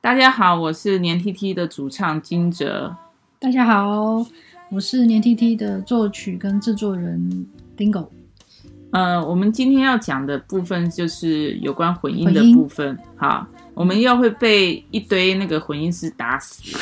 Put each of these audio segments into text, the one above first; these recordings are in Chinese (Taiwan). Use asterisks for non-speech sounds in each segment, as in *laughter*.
大家好，我是黏 T T 的主唱金哲。大家好，我是黏 T T 的作曲跟製作人 Dingo。呃，我們今天要講的部分就是有關混音的部分。哈，我們要會被一堆那個混音師打死。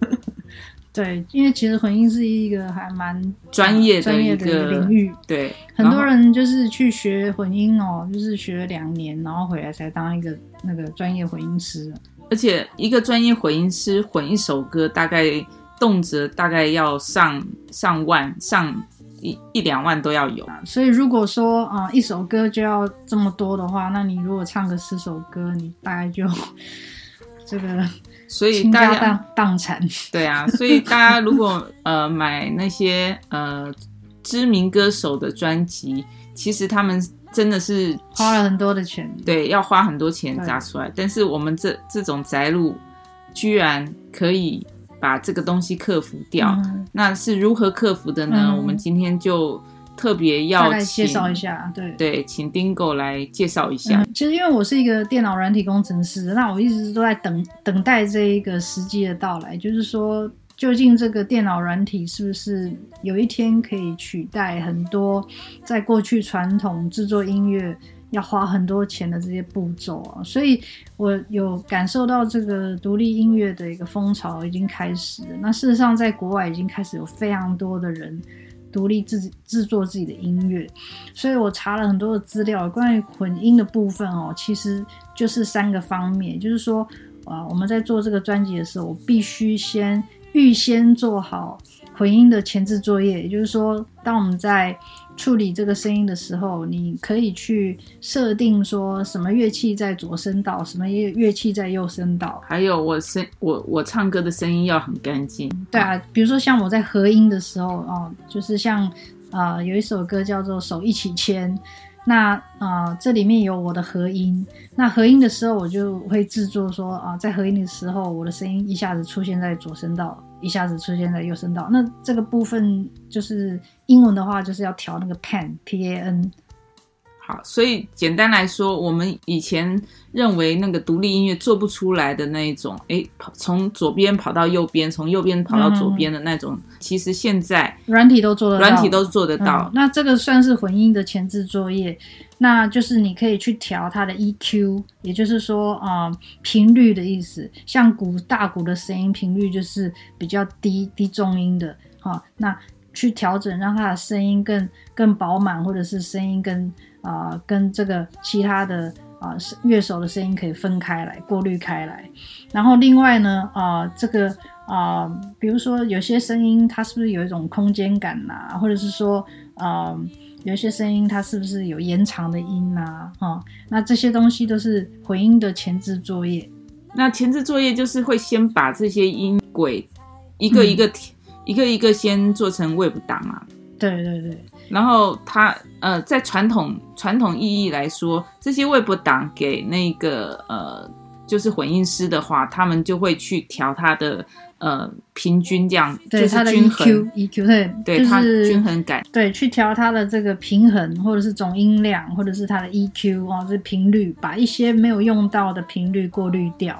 嗯、 *laughs* 對，因為其實混音是一個還蠻專業專業的，一個專業的一個領域。對，很多人就是去學混音哦，就是學了兩年，然後回來才當一個那個專業混音師。而且一個專業混音師混一首歌，大概動輒大概要上上萬、上一一兩萬都要有。所以如果說啊、呃，一首歌就要這麼多的話，那你如果唱個十首歌，你大概就這個，所以大家。傾家蕩蕩產。對啊，所以大家如果 *laughs* 呃買那些呃知名歌手的專輯，其實他們。真的是花了很多的錢，對，要花很多錢砸出來。但是我們這這種宅路，居然可以把這個東西克服掉，嗯、那是如何克服的呢？嗯、我們今天就特別要介紹一下，對對，請 Dingo 來介紹一下、嗯。其實因為我是一個電腦軟體工程師，那我一直都在等等待這一個時機的到來，就是說。究竟這個電腦軟體是不是有一天可以取代很多在過去傳統製作音樂要花很多錢的這些步驟啊？所以我有感受到這個獨立音樂的一個風潮已經開始了。那事實上，在國外已經開始有非常多的人獨立自己制作自己的音樂。所以我查了很多的資料，關於混音的部分哦，其實就是三個方面，就是說，啊，我們在做這個專輯的時候，我必須先。預先做好混音的前置作業，也就是說，當我們在處理這個聲音的時候，你可以去設定說什麼樂器在左聲道，什麼樂樂器在右聲道。還有我，我聲我我唱歌的聲音要很乾淨。對啊，比如說像我在合音的時候哦、啊，就是像啊，有一首歌叫做《手一起牽》，那啊這裡面有我的合音。那合音的時候，我就會製作說啊，在合音的時候，我的聲音一下子出現在左聲道。一下子出現在右聲道，那這個部分就是英文的話，就是要調那個 pan，P-A-N。好，所以簡單來說，我們以前認為那個獨立音樂做不出來的那一種，誒，從左邊跑到右邊，從右邊跑到左邊的那種，嗯，其實現在軟體都做得，軟體都做得到。得到，嗯，那這個算是混音的前置作業，嗯，那就是你可以去調它的 EQ，也就是說啊，嗯，頻率的意思，像鼓大鼓的聲音頻率就是比較低低中音的，好，那去調整讓它的聲音更更飽滿，或者是聲音更。啊、呃，跟這個其他的啊、呃，樂手的聲音可以分開來過濾開來。然後另外呢，啊、呃，這個啊、呃，比如說有些聲音它是不是有一種空間感吶、啊，或者是說啊、呃，有些聲音它是不是有延長的音吶、啊？哈、哦，那這些東西都是回音的前置作業。那前置作業就是會先把這些音軌一個一個、嗯、一個一個先做成 wav 檔嘛？對對對。然後他呃，在傳統傳統意義來說，這些 WAV 檔給那個呃，就是混音師的話，他們就會去調他的呃，平均這樣，就是均衡他的 EQ 對他、就是、均衡感對，去調他的這個平衡，或者是總音量，或者是他的 EQ 啊，這是頻率，把一些沒有用到的頻率過濾掉。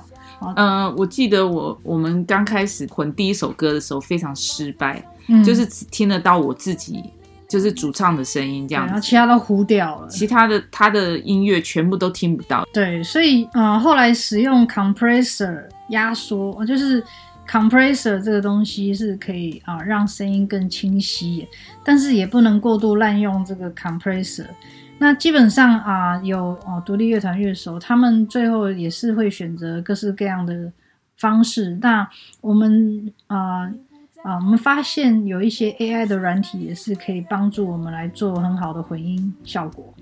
嗯、呃，我記得我我們剛開始混第一首歌的時候非常失敗，嗯、就是只聽得到我自己。就是主唱的聲音這樣，然後、啊、其他都糊掉了，其他的他的音樂全部都聽不到。對，所以啊、呃，後來使用 compressor 壓縮，就是 compressor 這個東西是可以啊、呃、讓聲音更清晰，但是也不能過度濫用這個 compressor。那基本上啊、呃，有哦、呃、獨立樂團樂手，他們最後也是會選擇各式各樣的方式。那我們啊。呃啊、呃，我們發現有一些 AI 的軟體也是可以幫助我們來做很好的回音效果，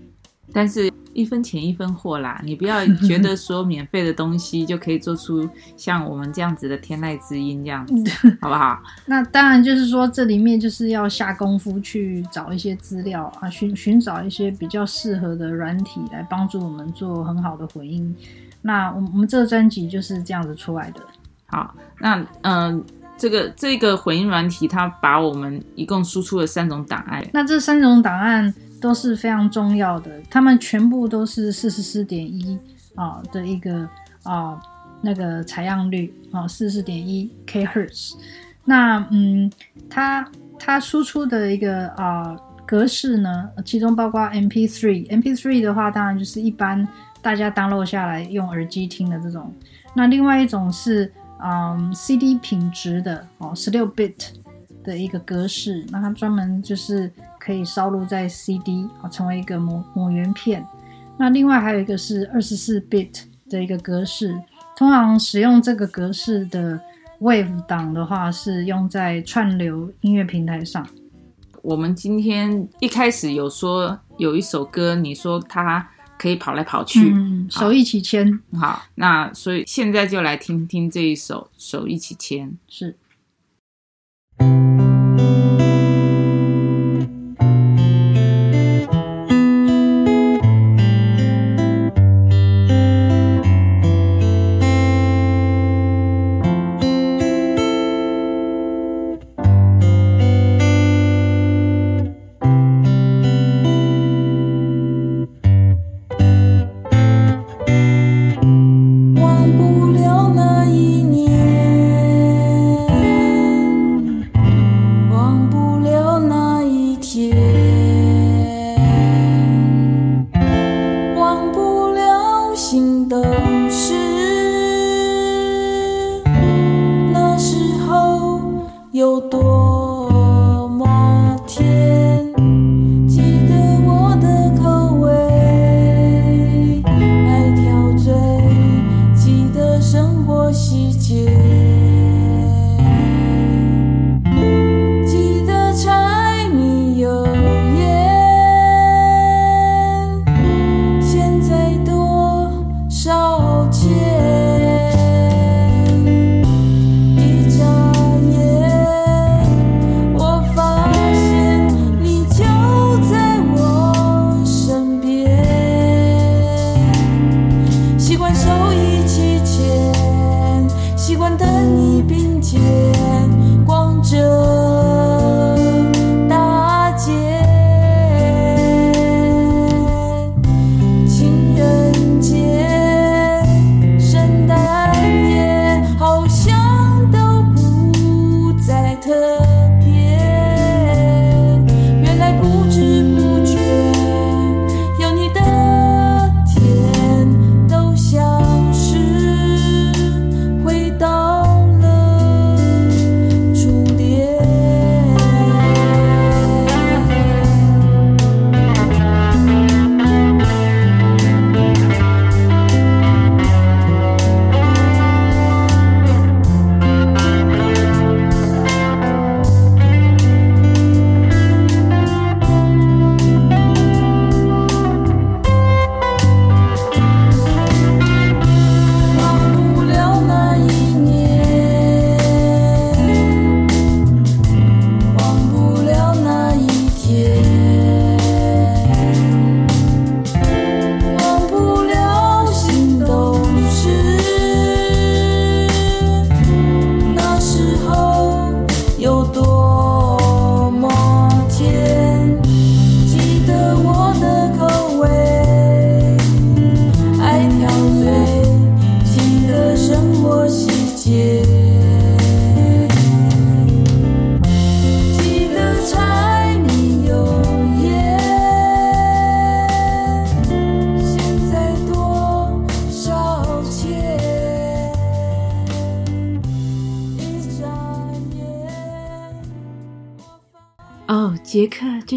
但是一分錢一分貨啦，你不要覺得說免費的東西就可以做出像我們這樣子的天籟之音這樣子， *laughs* 好不好？那當然就是說這裡面就是要下功夫去找一些資料啊，尋尋找一些比較適合的軟體來幫助我們做很好的回音。那我們我們這個專輯就是這樣子出來的。好，那嗯。呃這個這個混音軟體，它把我們一共輸出了三種檔案。那這三種檔案都是非常重要的，它們全部都是四十四點一啊的一個啊、呃、那個採樣率啊，呃、四十四點一 kHz。那嗯，它它輸出的一個啊、呃、格式呢，其中包括 MP3，MP3 的話當然就是一般大家 download 下來用耳機聽的這種。那另外一種是。嗯、um,，CD 品質的哦，16bit 的一個格式，那它專門就是可以燒錄在 CD 哦，成為一個母母原片。那另外還有一個是 24bit 的一個格式，通常使用這個格式的 WAV 檔的話，是用在串流音樂平台上。我們今天一開始有說有一首歌，你說它。可以跑來跑去，嗯，手一起牽，好，那所以現在就來聽聽這一首《手一起牽》，是。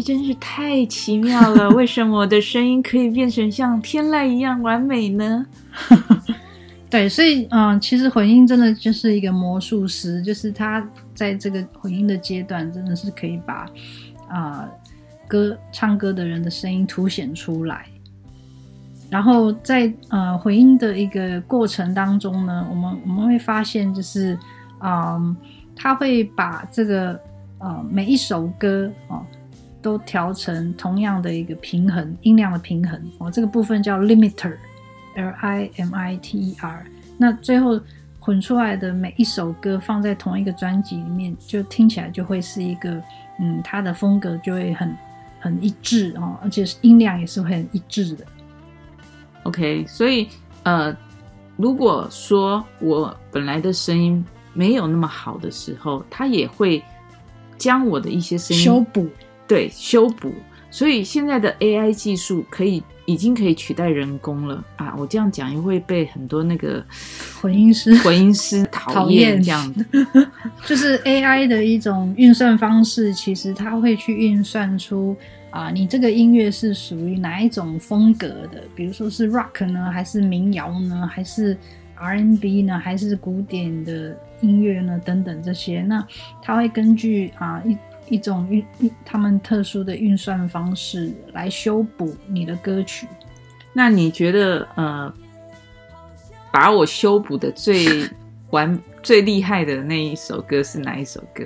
真是太奇妙了！為什麼我的聲音可以變成像天籟一樣完美呢？ *laughs* 對，所以，嗯、呃，其實混音真的就是一個魔術師，就是他在這個混音的階段，真的是可以把啊、呃、歌、唱歌的人的聲音凸顯出來。然後在呃混音的一個過程當中呢，我們我們會發現，就是嗯，他、呃、會把這個呃每一首歌哦。呃都調成同樣的一個平衡，音量的平衡哦，這個部分叫 limiter，L-I-M-I-T-E-R。那最後混出來的每一首歌放在同一個專輯裡面，就聽起來就會是一個嗯，它的風格就會很很一致哦，而且音量也是很一致的。OK，所以呃，如果說我本來的聲音沒有那麼好的時候，他也會將我的一些聲音修補。對，修補。所以現在的 AI 技術可以已經可以取代人工了啊！我這樣講也會被很多那個混音師、混音師討厭，討厭這樣。 *laughs* 就是 AI 的一種運算方式，其實它會去運算出啊、呃，你這個音樂是屬於哪一種風格的？比如說是 rock 呢，還是民謠呢，還是 R&B 呢，還是古典的音樂呢？等等這些，那它會根據啊一。呃一種運他們特殊的運算方式來修補你的歌曲。那你覺得呃，把我修補的最完最厲害的那一首歌是哪一首歌？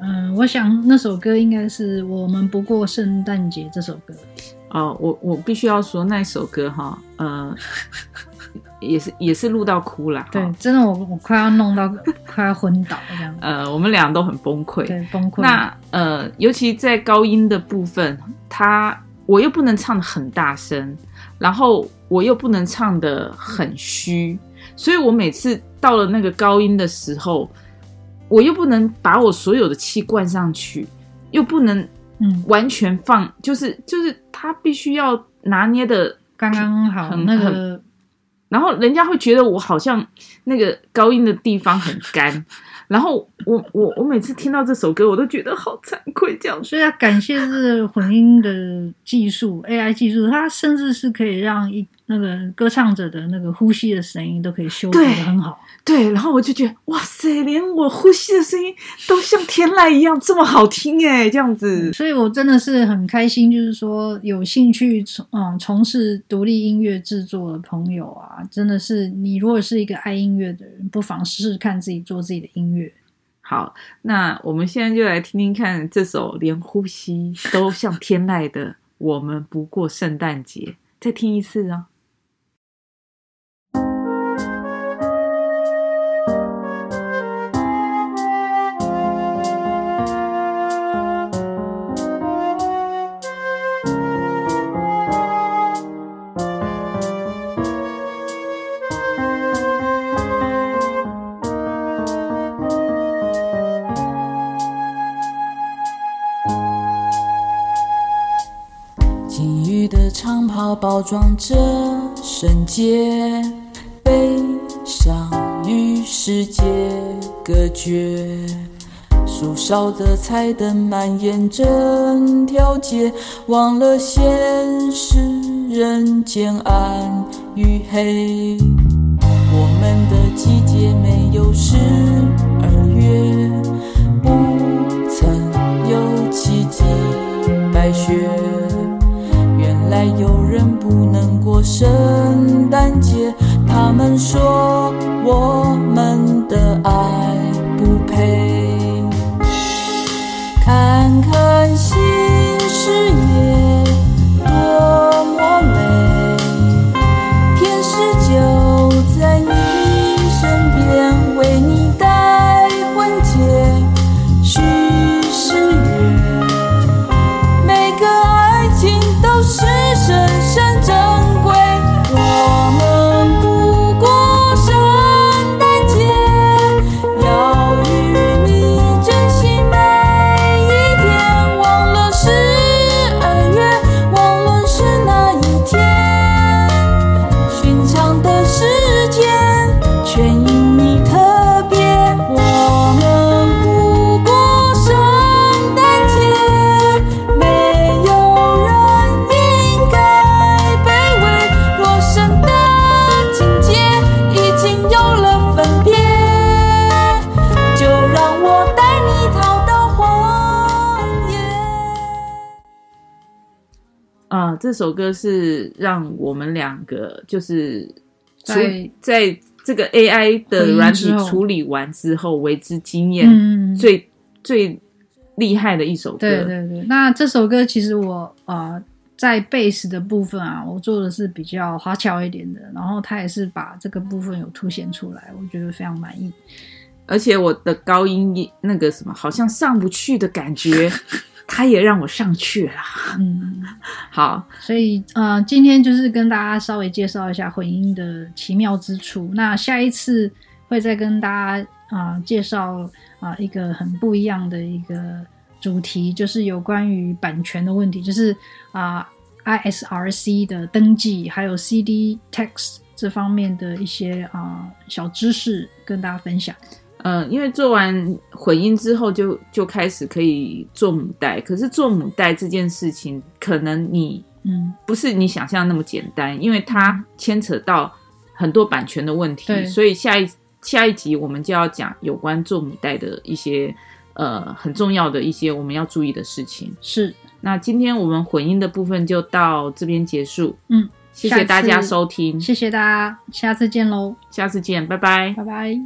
嗯、呃，我想那首歌應該是《我們不過聖誕節》這首歌。哦，我我必須要說那首歌哈，嗯、哦。呃 *laughs* 也是也是錄到哭了，對、哦，真的我我快要弄到 *laughs* 快要昏倒這樣子。呃，我們倆都很崩潰，對、崩潰。那呃，尤其在高音的部分，他我又不能唱得很大聲，然後我又不能唱得很虛、嗯，所以我每次到了那個高音的時候，我又不能把我所有的氣灌上去，又不能完全放，嗯、就是就是他必須要拿捏的剛剛好，很那個。然後人家會覺得我好像那個高音的地方很乾，然後我我我每次聽到這首歌，我都覺得好慚愧，這樣，所以要感謝這個混音的技術，AI 技術，它甚至是可以讓一。那個歌唱者的那個呼吸的聲音都可以修得很好。對，對，然後我就覺得哇塞，連我呼吸的聲音都像天籟一樣這麼好聽哎，這樣子，所以我真的是很開心，就是說有興趣從嗯從事獨立音樂製作的朋友啊，真的是你如果是一個愛音樂的人，不妨試試看自己做自己的音樂。好，那我們現在就來聽聽看這首連呼吸都像天籟的《我們不過聖誕節》， *laughs* 再聽一次啊。包裝着聖潔，悲傷與世界隔絕。樹梢的彩燈蔓延整條街，忘了現實人間暗與黑。我們的季節沒有十二月。還有人不能過聖誕節，他們說我們的愛。這首歌是讓我們兩個，就是在在這個 AI 的軟體處理完之後為之驚艷最最，驚艷最最厲害的一首歌。對對對，那這首歌其實我啊、呃，在貝斯的部分啊，我做的是比較花俏一點的，然後他也是把這個部分有凸顯出來，我覺得非常滿意。而且我的高音那個什麼好像上不去的感覺。 *laughs* 他也讓我上去了。嗯，好，所以呃，今天就是跟大家稍微介紹一下混音的奇妙之處。那下一次會再跟大家啊、呃、介紹啊、呃、一個很不一樣的一個主題，就是有關於版權的問題，就是啊、呃、ISRC 的登記，還有 CD text 這方面的一些啊、呃、小知識跟大家分享。嗯、呃，因為做完混音之後就，就就開始可以做母帶。可是做母帶這件事情，可能你嗯不是你想象的那麼簡單，因為它牽扯到很多版權的問題。所以下一下一集我們就要講有關做母帶的一些呃很重要的一些我們要注意的事情。是，那今天我們混音的部分就到這邊結束。嗯，謝謝大家收聽，謝謝大家，下次見嘍，下次見，拜拜，拜拜。